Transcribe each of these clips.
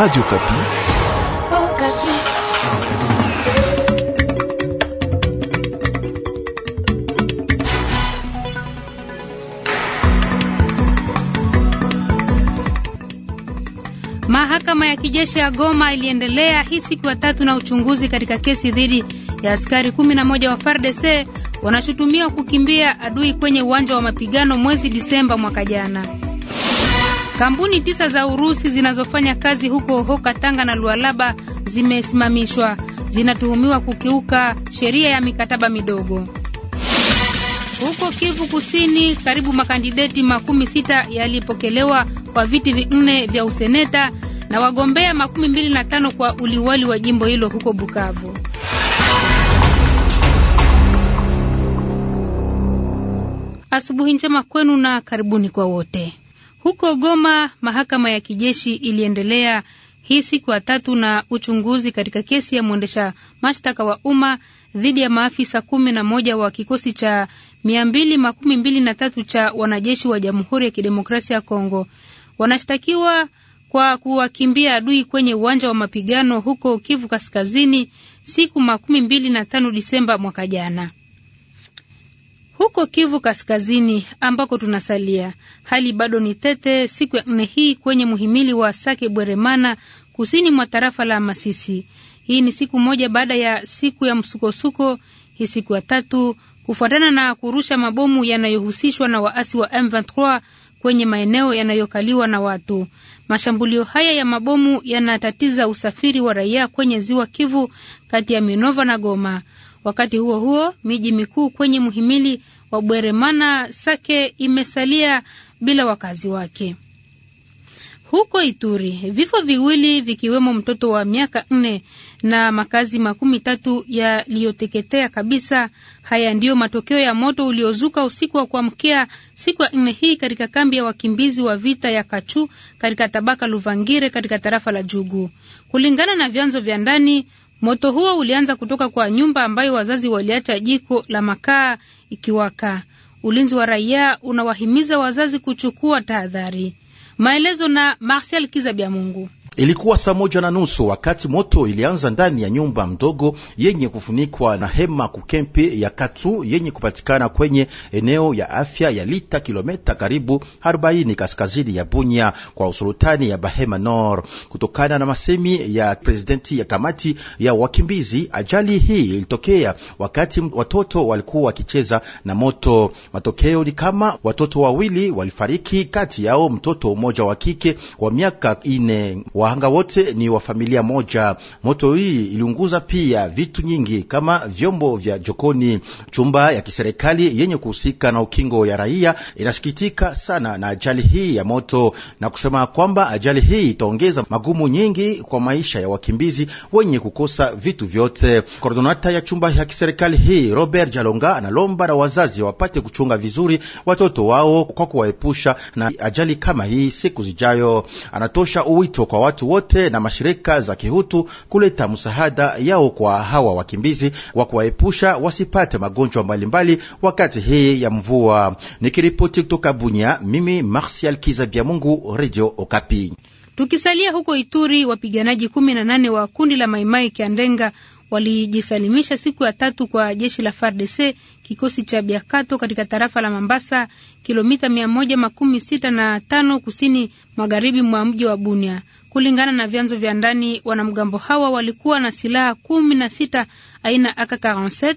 Radio Kapi. Oh, Kapi. Mahakama ya kijeshi ya Goma iliendelea hii siku ya tatu na uchunguzi katika kesi dhidi ya askari 11 wa FARDC wanashutumiwa kukimbia adui kwenye uwanja wa mapigano mwezi Disemba mwaka jana. Kampuni tisa za Urusi zinazofanya kazi huko Hoka Tanga na Lualaba zimesimamishwa. Zinatuhumiwa kukiuka sheria ya mikataba midogo. Huko Kivu Kusini, karibu makandideti makumi sita yalipokelewa kwa viti vinne vya useneta na wagombea makumi mbili na tano kwa uliwali wa jimbo hilo huko Bukavu. Asubuhi njema kwenu na karibuni kwa wote. Huko Goma, mahakama ya kijeshi iliendelea hii siku ya tatu na uchunguzi katika kesi ya mwendesha mashtaka wa umma dhidi ya maafisa kumi na moja wa kikosi cha mia mbili makumi mbili na tatu cha wanajeshi wa Jamhuri ya Kidemokrasia ya Kongo. Wanashtakiwa kwa kuwakimbia adui kwenye uwanja wa mapigano huko Kivu Kaskazini siku makumi mbili na tano Disemba mwaka jana. Huko Kivu Kaskazini ambako tunasalia, hali bado ni tete siku ya nne hii kwenye muhimili wa Sake Bweremana kusini mwa tarafa la Masisi. Hii ni siku moja baada ya siku ya msukosuko, hii siku ya tatu kufuatana na kurusha mabomu yanayohusishwa na waasi wa M23 kwenye maeneo yanayokaliwa na watu. Mashambulio haya ya mabomu yanatatiza usafiri wa raia kwenye ziwa Kivu kati ya Minova na Goma. Wakati huo huo, miji mikuu kwenye mhimili wa Bweremana Sake imesalia bila wakazi wake. Huko Ituri, vifo viwili vikiwemo mtoto wa miaka nne na makazi makumi tatu yaliyoteketea kabisa. Haya ndiyo matokeo ya moto uliozuka usiku wa kuamkia siku ya nne hii katika kambi ya wakimbizi wa vita ya Kachu katika tabaka Luvangire katika tarafa la Jugu, kulingana na vyanzo vya ndani. Moto huo ulianza kutoka kwa nyumba ambayo wazazi waliacha jiko la makaa ikiwaka. Ulinzi wa raia unawahimiza wazazi kuchukua tahadhari. Maelezo na Marcel Kizabiamungu. Ilikuwa saa moja na nusu wakati moto ilianza ndani ya nyumba mdogo yenye kufunikwa na hema kukempe ya Katu yenye kupatikana kwenye eneo ya afya ya Lita, kilometa karibu 40 kaskazini ya Bunya kwa usultani ya Bahema Nor. Kutokana na masemi ya presidenti ya kamati ya wakimbizi, ajali hii ilitokea wakati watoto walikuwa wakicheza na moto. Matokeo ni kama watoto wawili walifariki, kati yao mtoto mmoja wa kike wa miaka ine. Wahanga wote ni wa familia moja. Moto hii iliunguza pia vitu nyingi kama vyombo vya jokoni. Chumba ya kiserikali yenye kuhusika na ukingo ya raia inasikitika sana na ajali hii ya moto na kusema kwamba ajali hii itaongeza magumu nyingi kwa maisha ya wakimbizi wenye kukosa vitu vyote. Koordonata ya chumba ya kiserikali hii Robert Jalonga analomba na wazazi wapate kuchunga vizuri watoto wao kwa kuwaepusha na ajali kama hii siku zijayo. Anatosha uwito kwa watu watu wote na mashirika za kihutu kuleta msaada yao kwa hawa wakimbizi wa kuwaepusha wasipate magonjwa mbalimbali wakati hii ya mvua. Nikiripoti kutoka Bunya, mimi Marsial Kizabia Mungu, Radio Okapi. Tukisalia huko Ituri, wapiganaji kumi na nane wa kundi la Maimai Kiandenga walijisalimisha siku ya tatu kwa jeshi la FARDC kikosi cha Biakato katika tarafa la Mambasa, kilomita mia moja makumi sita na tano kusini magharibi mwa mji wa Bunia. Kulingana na vyanzo vya ndani, wanamgambo hawa walikuwa na silaha kumi na sita aina AK47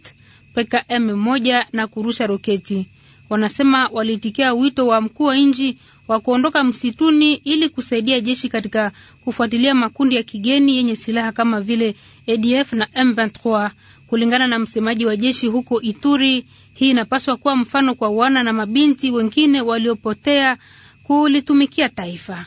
PKM moja na kurusha roketi. Wanasema waliitikia wito wa mkuu wa nchi wa kuondoka msituni ili kusaidia jeshi katika kufuatilia makundi ya kigeni yenye silaha kama vile ADF na M23. Kulingana na msemaji wa jeshi huko Ituri, hii inapaswa kuwa mfano kwa wana na mabinti wengine waliopotea kulitumikia taifa.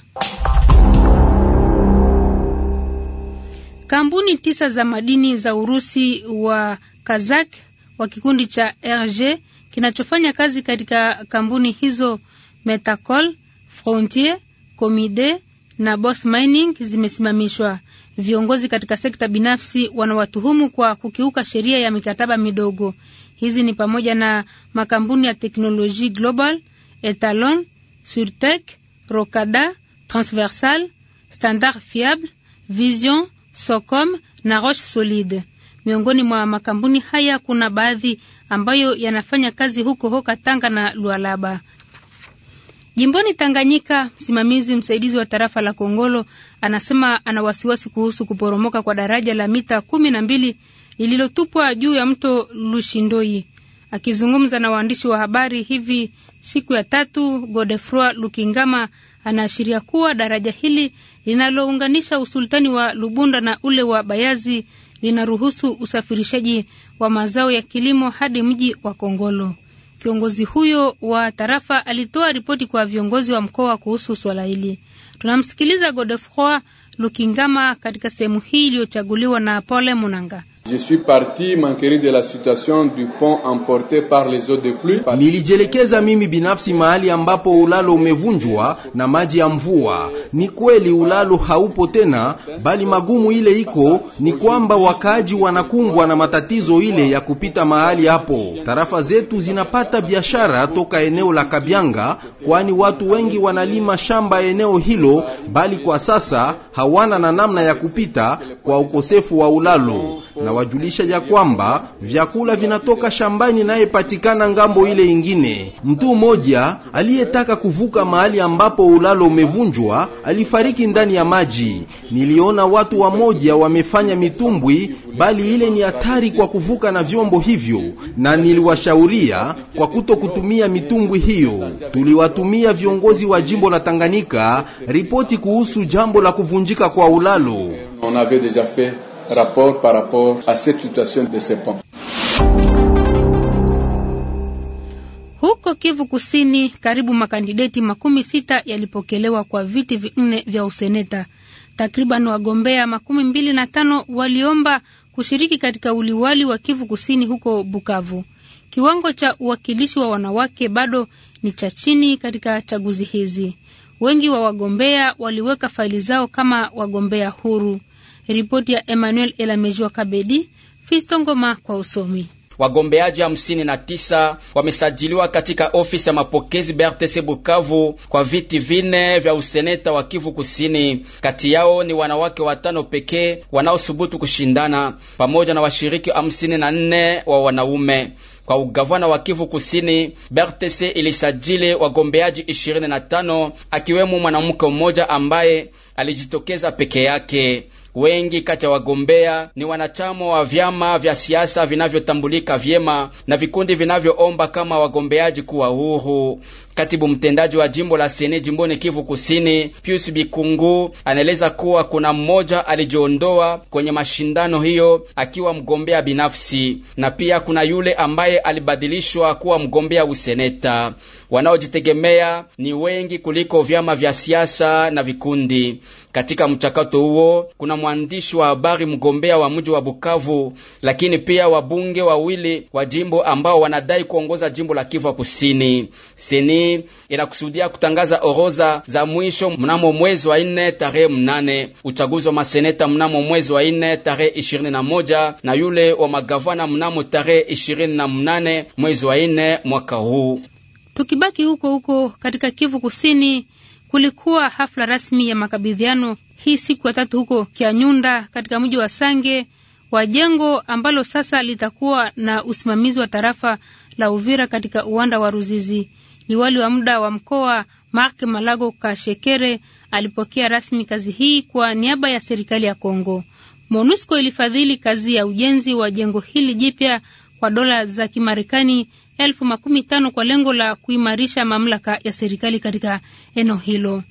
Kampuni tisa za madini za Urusi wa Kazakh wa kikundi cha RG kinachofanya kazi katika kampuni hizo Metacol, Frontier, Comide na Boss Mining zimesimamishwa. Viongozi katika sekta binafsi wanawatuhumu kwa kukiuka sheria ya mikataba midogo. Hizi ni pamoja na makampuni ya Teknologie Global, Etalon, Surtec, Rocada, Transversal, Standard Fiable, Vision, Socom na Roche Solide. Miongoni mwa makampuni haya kuna baadhi ambayo yanafanya kazi huko Hoka Tanga na Lualaba. Jimboni Tanganyika, msimamizi msaidizi wa tarafa la Kongolo anasema ana wasiwasi kuhusu kuporomoka kwa daraja la mita kumi na mbili lililotupwa juu ya mto Lushindoi. Akizungumza na waandishi wa habari hivi siku ya tatu, Godefroi Lukingama anaashiria kuwa daraja hili linalounganisha usultani wa Lubunda na ule wa Bayazi linaruhusu usafirishaji wa mazao ya kilimo hadi mji wa Kongolo. Kiongozi huyo wa tarafa alitoa ripoti kwa viongozi wa mkoa kuhusu swala hili. Tunamsikiliza Godefroi Lukingama katika sehemu hii iliyochaguliwa na Pole Munanga. Je suis parti m'enquérir de la situation du pont emporté par les eaux de pluie. Nilijelekeza mimi binafsi mahali ambapo ulalo umevunjwa na maji ya mvua. Ni kweli ulalo haupo tena, bali magumu ile iko ni kwamba wakaaji wanakumbwa na matatizo ile ya kupita mahali hapo. Tarafa zetu zinapata biashara toka eneo la Kabyanga, kwani watu wengi wanalima shamba eneo hilo, bali kwa sasa hawana na namna ya kupita kwa ukosefu wa ulalo na wajulisha ya kwamba vyakula vinatoka shambani nayepatikana ngambo ile ingine. Mtu mmoja aliyetaka kuvuka mahali ambapo ulalo umevunjwa alifariki ndani ya maji. Niliona watu wamoja wamefanya mitumbwi, bali ile ni hatari kwa kuvuka na vyombo hivyo, na niliwashauria kwa kuto kutumia mitumbwi hiyo. Tuliwatumia viongozi wa jimbo la Tanganyika ripoti kuhusu jambo la kuvunjika kwa ulalo. On avait déjà fait rapport par rapport à cette situation de ces pompes. Huko Kivu Kusini, karibu makandideti makumi sita yalipokelewa kwa viti vinne vya useneta. Takriban wagombea makumi mbili na tano waliomba kushiriki katika uliwali wa Kivu Kusini huko Bukavu. Kiwango cha uwakilishi wa wanawake bado ni cha chini katika chaguzi hizi. Wengi wa wagombea waliweka faili zao kama wagombea huru. Ripoti ya Emmanuel Elamejua Kabedi, Fistongoma kwa usomi Wagombeaji hamsini na tisa wamesajiliwa katika ofisi ya mapokezi BRTC Bukavu kwa viti vine vya useneta wa Kivu Kusini. Kati yao ni wanawake watano pekee wanaosubutu kushindana pamoja na washiriki hamsini na nne wa wanaume. Kwa ugavana wa Kivu Kusini, BRTC ilisajili wagombeaji 25 akiwemo mwanamke mmoja ambaye alijitokeza peke yake. Wengi kati ya wagombea ni wanachama wa vyama vya siasa vinavyotambulika vyema na vikundi vinavyoomba kama wagombeaji kuwa huru. Katibu mtendaji wa jimbo la Sene jimboni Kivu Kusini, Pius Bikungu, anaeleza kuwa kuna mmoja alijiondoa kwenye mashindano hiyo akiwa mgombea binafsi, na pia kuna yule ambaye alibadilishwa kuwa mgombea useneta. Wanaojitegemea ni wengi kuliko vyama vya siasa na vikundi. Katika mchakato huo kuna mwandishi wa habari mgombea wa mji wa Bukavu, lakini pia wabunge wawili wa jimbo ambao wanadai kuongoza jimbo la Kivu Kusini. Seni inakusudia kutangaza oroza za mwisho mnamo mwezi wa nne tarehe mnane, uchaguzi wa maseneta mnamo mwezi wa nne tarehe ishirini na moja na yule wa magavana mnamo tarehe ishirini na mnane mwezi wa nne mwaka huu. Tukibaki huko huko katika Kivu Kusini kulikuwa hafla rasmi ya makabidhiano hii siku ya tatu huko Kianyunda katika mji wa Sange wa jengo ambalo sasa litakuwa na usimamizi wa tarafa la Uvira katika uwanda wa Ruzizi. Liwali wa muda wa mkoa Mark Malago Kashekere alipokea rasmi kazi hii kwa niaba ya serikali ya Kongo. MONUSCO ilifadhili kazi ya ujenzi wa jengo hili jipya kwa dola za Kimarekani elfu makumi tano kwa lengo la kuimarisha mamlaka ya serikali katika eneo hilo.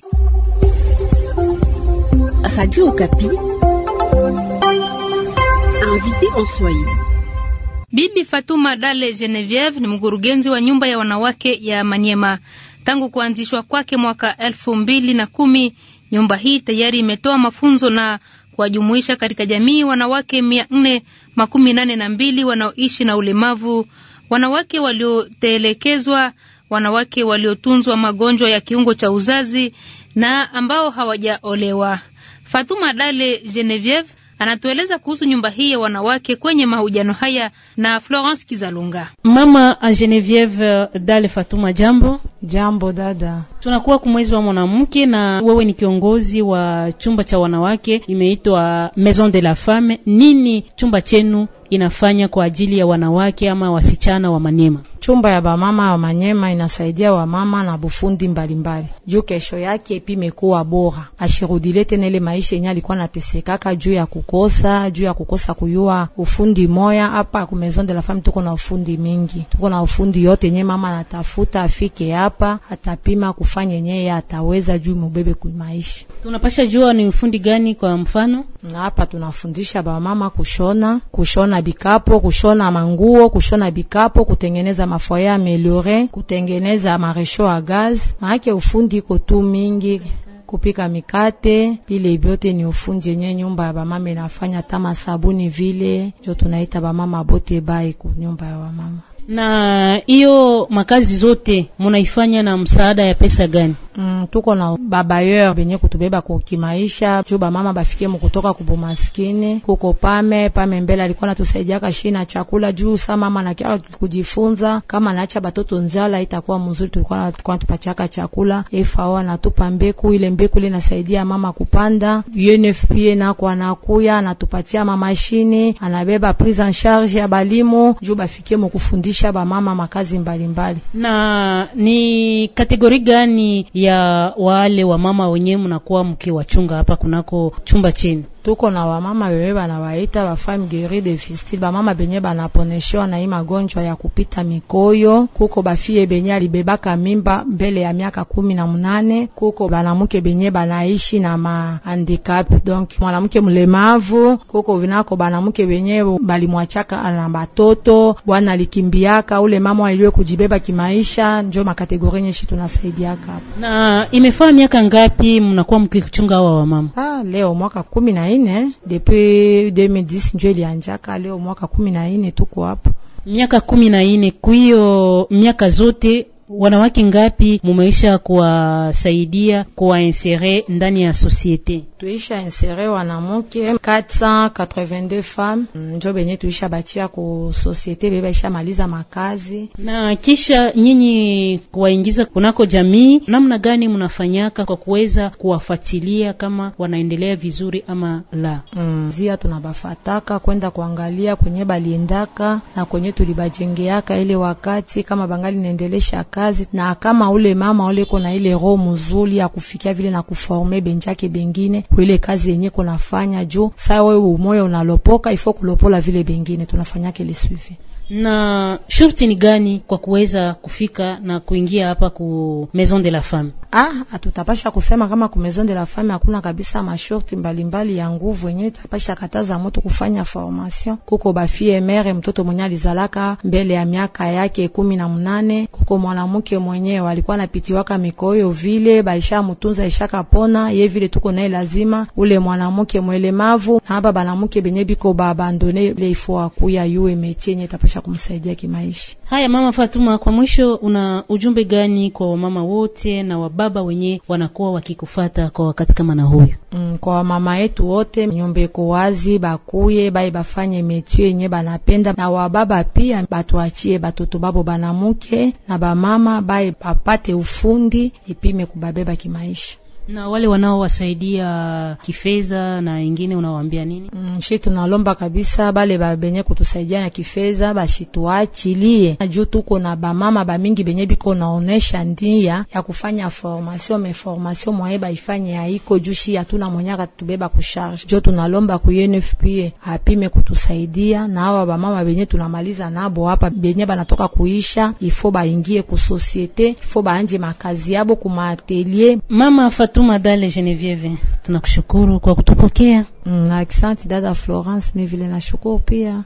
Bibi Fatuma Dale Genevieve ni mkurugenzi wa nyumba ya wanawake ya Maniema. Tangu kuanzishwa kwake mwaka elfu mbili na kumi, nyumba hii tayari imetoa mafunzo na kuwajumuisha katika jamii wanawake mia nne makumi nane na mbili wanaoishi na ulemavu wanawake waliotelekezwa, wanawake waliotunzwa magonjwa ya kiungo cha uzazi na ambao hawajaolewa. Fatuma Dale Genevieve anatueleza kuhusu nyumba hii ya wanawake kwenye mahojiano haya na Florence Kizalunga. Mama a Genevieve uh, Dale Fatuma, jambo. Jambo dada, tunakuwa kumwezi wa mwanamke na wewe ni kiongozi wa chumba cha wanawake, imeitwa Maison de la Femme. Nini chumba chenu inafanya kwa ajili ya wanawake ama wasichana wa manema Chumba ya bamama wa Manyema inasaidia wamama na bufundi mbalimbali juu kesho yake pimekuwa bora, ashirudile tena ile maisha yenye alikuwa natesekaka juu ya kukosa juu ya kukosa kuyua ufundi moya. Hapa ku Maison de la Femme tuko na ufundi mingi, tuko na ufundi yote yenye mama anatafuta afike hapa, atapima kufanya yenye ataweza juu mubebe maisha. Tunapasha jua ni ufundi gani? Kwa mfano na hapa tunafundisha bamama kushona, kushona bikapo, kushona manguo, kushona bikapo, kutengeneza mafoya ameliore kutengeneza maresho a gaz, maake ufundi kotu mingi kupika mikate vile vyote ni ufundi yenye nyumba ya bamama inafanya, tama sabuni vile njo tunaita bamama bote bai ku nyumba ya bamama. Na hiyo makazi zote munaifanya na msaada ya pesa gani? Mm, tuko na babayeur benye kutubeba kukimaisha juu bamama bafikie mukutoka kubumaskini. Kuko pame pame mbele alikuwa natusaidiaka shii na chakula juu sa mama nakia kujifunza, kama naacha batoto njala itakuwa mzuri, tulikuwa natupachaka chakula efawa anatupa mbeku, ile mbeku ile nasaidia mama kupanda. unfp nako anakuya anatupatia mamashini, anabeba prise en charge ya balimu juu bafikie mukufundisha bamama makazi mbalimbali mbali. Na ni kategori gani ya ya wale mama wenyewe mnakuwa mkiwachunga hapa kunako chumba chenu? tuko na wamama wewe banawaita bafame guerrier de fistule, bamama benye banaponeshewa na hii magonjwa ya kupita mikoyo. Kuko bafie benye alibebaka mimba mbele ya miaka kumi na munane. Kuko banamuke benye banaishi na ma mahandikape, donc mwanamke mlemavu. Kuko vinako banamuke benye balimwachaka na batoto, bwana alikimbiaka ule mama aliwe kujibeba kimaisha. Njo makategori nyeshi tunasaidiaka hapo. Na imefaa miaka ngapi mnakuwa mkichunga hawa wamama? Ah, leo mwaka kumi na ine eh? depuis 2010 njo ilianjaka, leo mwaka kumi na ine tuko hapo, miaka kumi na ine. kwiyo miaka zote wanawake ngapi mumeisha kuwasaidia kuwainsere ndani ya sosiete? Tuisha insere wanamuke 482 femme njo benye tuisha bachia ku societe isha maliza makazi. Na kisha nyinyi kuwaingiza kunako jamii, namna gani mnafanyaka kwa kuweza kuwafuatilia kama wanaendelea vizuri ama la? Mm, zia tunabafataka kwenda kuangalia kwenye baliendaka na kwenye tulibajengeaka ile wakati kama bangali naendelesha kazi, na kama ule mama ule kona ile roho mzuri ya kufikia vile na kuforme benjake bengine kuile kazi yenye konafanya, juu saa wewe umoyo unalopoka ifo kulopola vile bengine tunafanya le suivi na shurti ni gani kwa kuweza kufika na kuingia hapa ku Maison de la Femme? Ah, hatutapasha kusema kama ku Maison de la Femme hakuna kabisa mashurti mbalimbali ya nguvu yenye tapasha kataza mtu kufanya formation. Kuko bafie mere mtoto mwenye alizalaka mbele ya miaka yake kumi na mnane, kuko mwanamke mwenye alikuwa anapitiwaka mikoyo vile balisha mutunza ishaka pona ye vile tuko naye lazima ule mwanamke mwelemavu na hapa banamuke benye biko babandone leifo akuya yue metie yenye tapasha cha kumsaidia kimaisha. Haya, Mama Fatuma, kwa mwisho, una ujumbe gani kwa wamama wote na wababa wenye wanakuwa wakikufata kwa wakati kama na huyu? Mm, kwa wamama yetu wote nyumba iko wazi, bakuye baye bafanye metio yenye banapenda, na wababa pia batuachie batoto babo banamuke na bamama baye bapate ufundi ipime kubabeba kimaisha. Na wale wanaowasaidia kifedha na wengine unawaambia nini? Mm, shi tunalomba kabisa bale babenye kutusaidia na kifedha bashituachilie, juu tuko na bamama bamingi benye biko naonesha ndia ya kufanya formation me formation mwaye baifanye haiko jushi shi hatuna mwenyaka tubeba kusharge, jo tunalomba ku UNFP apime kutusaidia na hawa bamama benye tunamaliza nabo hapa benye banatoka kuisha, ifo baingie ku societe, ifo baanje makazi yabo kuma atelier mama fatu Fatuma Dale Genevieve, tunakushukuru kwa kutupokea. Mm, aksanti dada Florence, mimi vile nashukuru pia.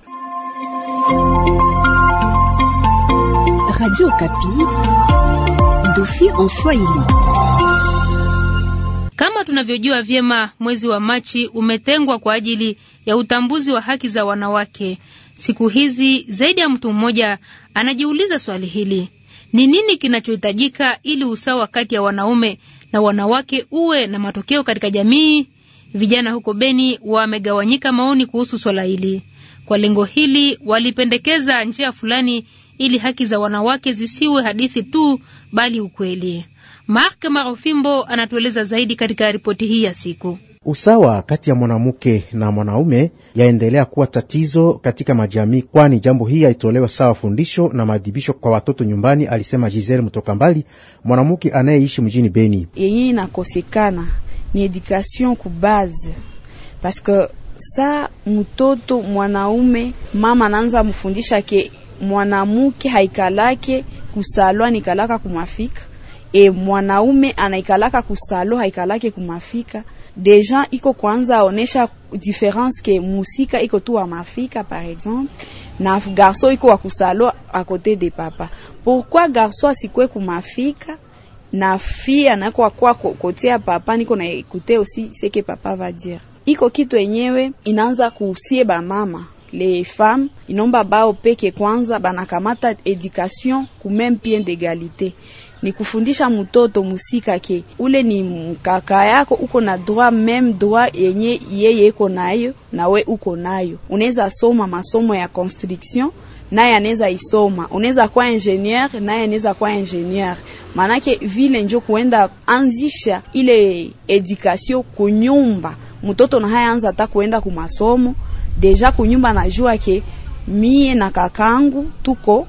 Radio Kapi, dofi en Swahili. Kama tunavyojua vyema, mwezi wa Machi umetengwa kwa ajili ya utambuzi wa haki za wanawake. Siku hizi zaidi ya mtu mmoja anajiuliza swali hili. Ni nini kinachohitajika ili usawa kati ya wanaume na wanawake uwe na matokeo katika jamii? Vijana huko Beni wamegawanyika maoni kuhusu swala hili. Kwa lengo hili, walipendekeza njia fulani ili haki za wanawake zisiwe hadithi tu, bali ukweli. Mark Marofimbo anatueleza zaidi katika ripoti hii ya siku. Usawa kati ya mwanamke na mwanaume yaendelea kuwa tatizo katika majamii, kwani jambo hii haitolewa sawa fundisho na maadhibisho kwa watoto nyumbani, alisema Gisele Mtoka Mbali, mwanamke anayeishi mjini Beni. Yenye inakosekana ni education kubaze paske sa mtoto mwanaume mama naanza mfundisha ke mwanamke haikalake kusalwa nikalaka kumafika, e mwanaume anaikalaka kusalwa haikalake kumafika deja iko kwanza onesha difference ke musika iko tu wa mafika par exemple na garso iko wa kusalo a kote de papa. Pourquoi garso asikwe kumafika na fille anako kwa kote ya papa, niko na ekute aussi ce que papa va dire. Iko kitu enyewe inaanza kuhusie ba mama les femme inomba bao peke kwanza banakamata education ku même pied d'égalité ni kufundisha mtoto ke ule ni mkaka yako, uko na droit meme droit yenye yeye iko nayo na we uko nayo. Unaweza soma masomo ya construction naye anaweza isoma, unaweza kuwa ingenieur naye anaweza kuwa ingenieur. Maanake vile njo kuenda anzisha ile edukasio kunyumba, mtoto na haya anza hata kuenda kumasomo deja kunyumba, najua ke mie na kakangu tuko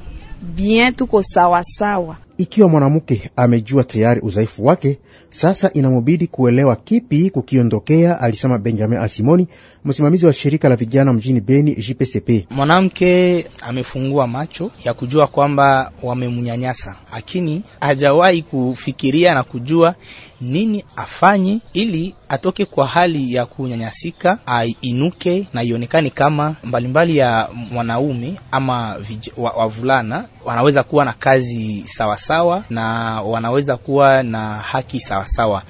bien, tuko sawasawa sawa. Ikiwa mwanamke amejua tayari udhaifu wake, sasa inamubidi kuelewa kipi kukiondokea, alisema Benjamin Asimoni, msimamizi wa shirika la vijana mjini Beni, JPCP. Mwanamke amefungua macho ya kujua kwamba wamemnyanyasa, lakini hajawahi kufikiria na kujua nini afanye ili atoke kwa hali ya kunyanyasika, ainuke na ionekane kama mbalimbali ya mwanaume ama vij, wa, wavulana wanaweza kuwa na kazi sawasawa na wanaweza kuwa na haki sawasawa.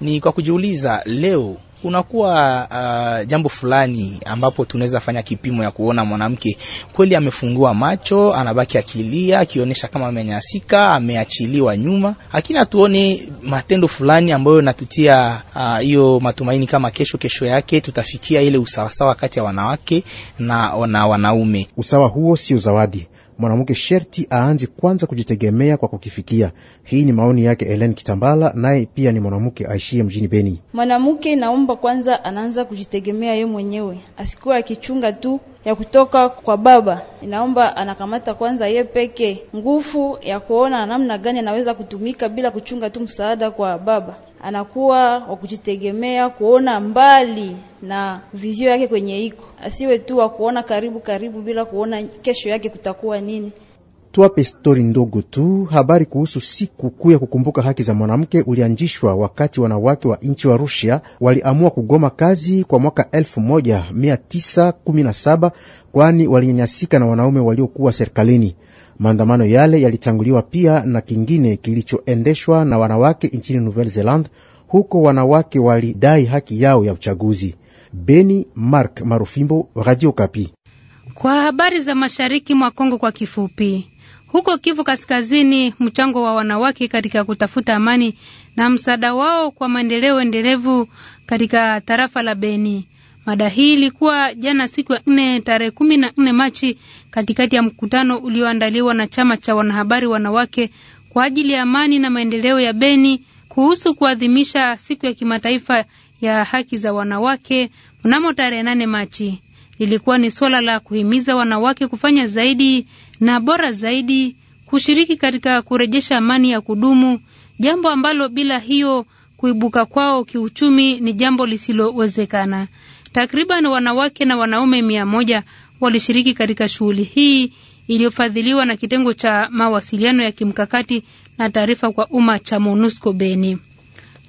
Ni kwa kujiuliza leo kunakuwa uh, jambo fulani ambapo tunaweza fanya kipimo ya kuona mwanamke kweli amefungua macho, anabaki akilia, akionyesha kama amenyasika, ameachiliwa nyuma, lakini hatuone matendo fulani ambayo natutia uh, hiyo uh, matumaini kama kesho kesho yake tutafikia ile usawasawa kati ya wanawake na, na wanaume. Usawa huo sio zawadi mwanamke sherti aanze kwanza kujitegemea kwa kukifikia. Hii ni maoni yake elen Kitambala, naye pia ni mwanamke aishie mjini Beni. Mwanamke naomba kwanza anaanza kujitegemea ye mwenyewe, asikuwa akichunga tu ya kutoka kwa baba. Inaomba anakamata kwanza ye peke nguvu ya kuona namna gani anaweza kutumika bila kuchunga tu msaada kwa baba, anakuwa wa kujitegemea, kuona mbali na vizio yake kwenye iko, asiwe tu wa kuona karibu karibu bila kuona kesho yake kutakuwa nini. Tuwape stori ndogo tu. Habari kuhusu siku kuu ya kukumbuka haki za mwanamke ulianzishwa wakati wanawake wa nchi wa Rusia waliamua kugoma kazi kwa mwaka 1917 kwani walinyanyasika na wanaume waliokuwa serikalini. Maandamano yale yalitanguliwa pia na kingine kilichoendeshwa na wanawake nchini Nouvelle Zelande huko wanawake walidai haki yao ya uchaguzi. Beni Mark Marufimbo, Radio Kapi. Kwa habari za mashariki mwa Kongo kwa kifupi, huko Kivu Kaskazini, mchango wa wanawake katika kutafuta amani na msaada wao kwa maendeleo endelevu katika tarafa la Beni. Mada hii ilikuwa jana siku ya nne tarehe kumi na nne Machi katikati ya mkutano ulioandaliwa na chama cha wanahabari wanawake kwa ajili ya amani na maendeleo ya Beni kuhusu kuadhimisha siku ya kimataifa ya haki za wanawake mnamo tarehe nane Machi. Lilikuwa ni suala la kuhimiza wanawake kufanya zaidi na bora zaidi, kushiriki katika kurejesha amani ya kudumu, jambo ambalo bila hiyo kuibuka kwao kiuchumi ni jambo lisilowezekana. Takriban wanawake na wanaume mia moja walishiriki katika shughuli hii iliyofadhiliwa na kitengo cha mawasiliano ya kimkakati na taarifa kwa umma cha MONUSCO Beni.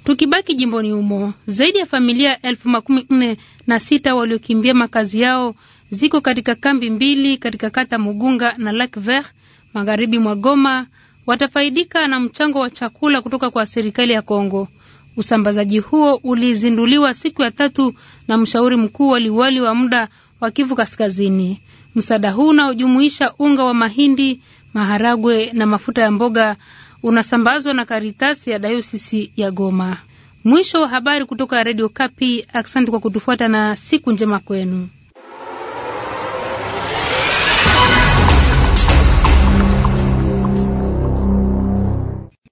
Tukibaki jimboni humo, zaidi ya familia elfu makumi nne na sita waliokimbia makazi yao ziko katika kambi mbili katika kata Mugunga na Lac Vert magharibi mwa Goma watafaidika na mchango wa chakula kutoka kwa serikali ya Kongo. Usambazaji huo ulizinduliwa siku ya tatu na mshauri mkuu waliwali wa muda wa Kivu Kaskazini. Msaada huu unaojumuisha unga wa mahindi, maharagwe na mafuta ya mboga unasambazwa na karitasi ya Dayosisi ya Goma. Mwisho wa habari kutoka redio Kapi. Asante kwa kutufuata na siku njema kwenu.